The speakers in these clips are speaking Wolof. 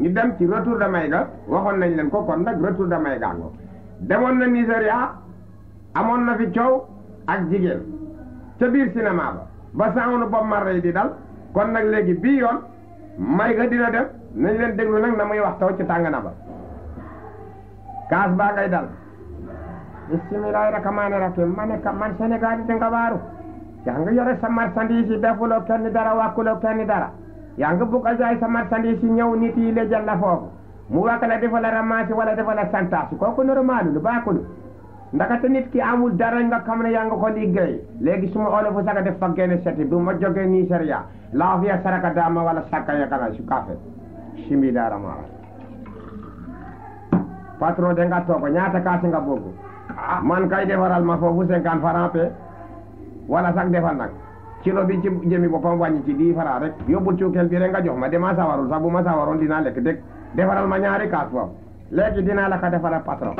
ñu dem ci retour de Maïga waxoon nañ leen ko kon nag retour de Maïga demoon na Nigéria amoon na fi coow ak jigéen ca biir sinema ba ba sangunu Bob Marley di dal kon nag léegi bii yoon Maïga dina def nañ leen déglu nag na muy wax taw ci tàngana ba kaas baa ngay dal bisimilahi rahmaani maa ma ne ka man Sénégal di nga waaru yaa ngi yore sa marchandise yi defuloo kenn dara wàkkuloo kenn dara yaa nga bugg a jaay sa marchandise yi ñëw nit yi la jël la foofu mu wax defal la ramage wala defal la santaas kooku normalul baaxul ndaxte nit ki amul dara nga xam ne yaa nga ko liggéey léegi su olofu saka def fa génne seti bu ma jógee Nigeria laafiya saraka daama wala sakka yakana su kafe simila ramage patron de nga ñaata kaas nga bëgg ah, man kay defaral ma foofu cinquante francs pe wala sax defal nag kilo bi ci jëmi boppam wàññi ci dix francs rek yóbbul cuukeel bi rek nga jox ma dama sawarul sax bu ma sawaroon dinaa lekk dëgg defaral ma ñaari kaas foofu léegi dinaa la ko defaral patron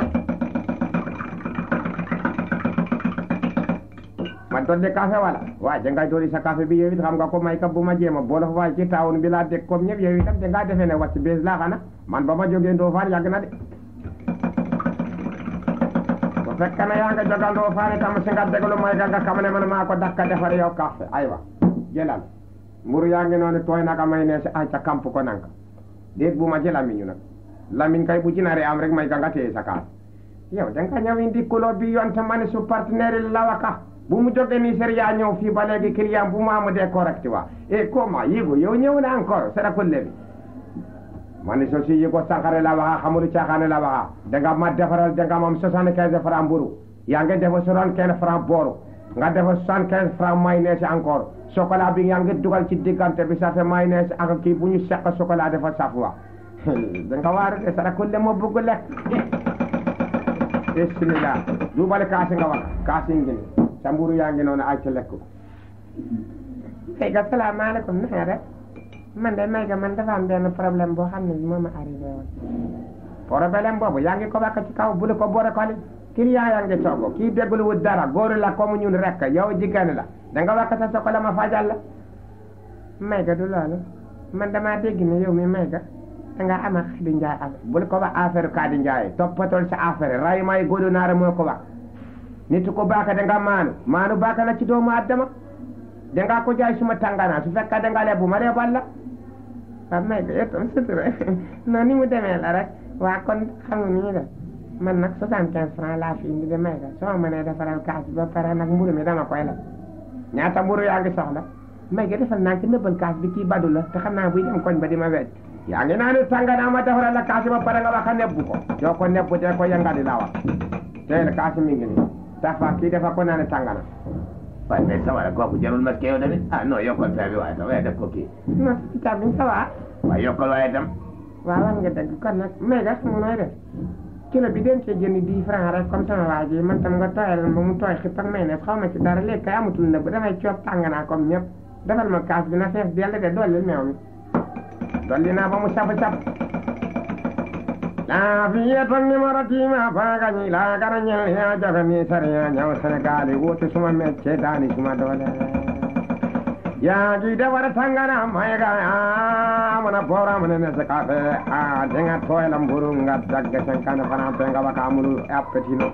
ma dodde café wala waaye dangay dooli sa café bi yow xam nga ko may ka bu ma jéema boolof waaye ci taawun bi laa dëkk comme ñëpp yow itam dangaa defe ne wàcc bees laa man ba ma jógee Ndofane yàgg de fekk na yaa nga jogandoo faani tam si nga déglu mooy ga nga xam ne man maa ko dakka defar yow café aywa jëlal mburu yaa ngi noonu tooy naka may ne si ay ca kamp ko nanka déet bu ma kay bu ci am rek may ga nga téye sa kaas yow danga ñëw indi bi yoon te mani su partenaire lawaka bu mu jógee nii sër yaa ñëw fii ba léegi client bu mu dee correct waa e eh, comment yigu yow ñëw na encore c'est ko lebi man ni sosi yi ko sànqare la waxa xamul caaxaane la waxa danga ma defaral danga moom soixante-quinze francs mburu yaa ngi defa soixante-quinze francs booru nga defa soixante bi yaa dugal ci diggante bi safe mayonnaise ak kii bu ñu seq chocolat dafa saf wa danga waar de sara kulle moo bëgg lekk bismillah duubale kaasi nga wax kaasi ngi sa mburu yaa noonu ay ci lekk ko asalaamaaleykum na nga def man de may ga man dafa am benn problème boo xam ne bi moo ma arrivé woon problème boobu yaa ngi ko bakk ci kaw bu la ko boole ko li client yaa ngi togg kii déggul wu dara góor la comme ñun rek yow jigéen la danga nga wakk sa soxla ma fajal la may ga du loolu man damaa dégg ne da nga ama Xadi ko wax affaire Xadi Njaay toppatool sa affaire ray moo ko wax nit da nga maanu maanu baax na ci doomu aadama da nga ko jaay suma tàngana su fekkee da nga lebu ma lebal la Pape May de yottam sutura noonu ni mu demee la rek waa kon xamu ni ñu def man nag soixante-quinze francs laa fi indi di may la soo mënee defaral kaas bi ba pare nag mburu mi dama koy la ñaata mburu yaa ngi soxla may gi defal naa ci nëbbal kaas bi kii badu la te xam naa buy dem koñ ba di ma wecc yaa ngi naa ni tànganaa ma defaral la kaas ba pare nga wax a nebbu ko yoo ko nebbu te ko yëngali laa wax tey la mi ngi nii tax kii dafa ko naa ne tàngana waaye mais ça a kooku jarul masque yow tamit ah non yokkal saa bi waaye sax waaye def ko kii. non si saa bi ça va. waaye yokkal waaye tam. waaw war nga dëgg kon nag mais gas mu nooy def kilo bi den cee jënd dix francs rek comme sama waa ji ma tam nga tooyal ba mu tooy xip ak may ne xaw ma ci dara léegi kay amatul na bu da coob tàng naa comme ñëpp defal ma kaas bi na fees dell de dolli meew mi dolli naa ba mu sab sab ɗaafiyatan nimaratima faagañi laagara ñel hea jafani sareya ñaw sénégali woti suma mecce dani suma doole yaagi dewara sangana mayga amana bora mana nese kafe a denga toyla mburu nga dagge senkane fana penga waka mulu appetino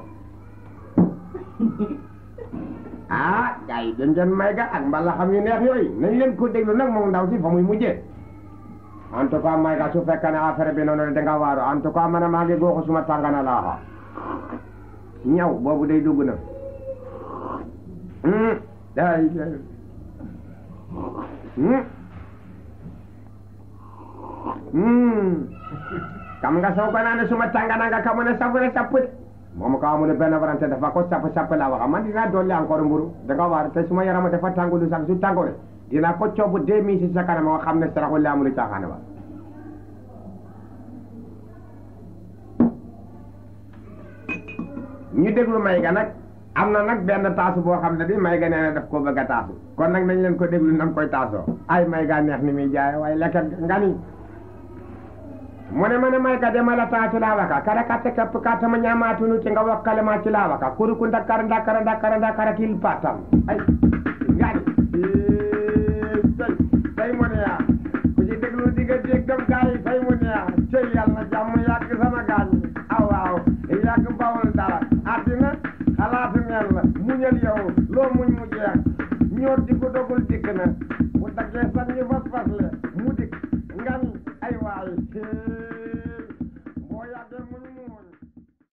a gay den jen mayga ak mballa xam yu neex yooyu nañ leen ko déglu nag moom ndaw si fa muy mujjee en tout cas Mayga su fekkee ne affaire bi noonu la danga waaru en tout cas man a maa ngi boobu day dugg na hmm? day hmm? Hmm? kam nga soo ganaane suma tàngana nga kamu ne sabu ne sapput moom ka amul benn warante dafa ko sapp sapp laa waxa man dinaa dolli encore mburu danga waar te suma yarama dafa tàngulu sax su tàngoo dina ko copp demi si sa kanam nga xam ne saraxu laamu lu caaxaane ba ñu déglu may ga nag am na nag benn taasu boo xam ne bi may ga nee na a taasu kon nag leen ko déglu nan koy ay may ga neex ni muy jaay waaye lekk nga ni mu ne ma ne may ga demal a taasu laa waka kara katte kapp kattama ñaamaatunu ci nga wakkale ma ci laa waka kuru ku ndakkar ndakkar ndakkar kil patam ay diga dig dem gaa yi fay mu neex cëy yal na jàmm yàgg sama gaañ bi aw waaw yàgg bawul dara àddina xalaatu neen la muñal yow loo muñ mu jeex ñoor di ko dogul dikk na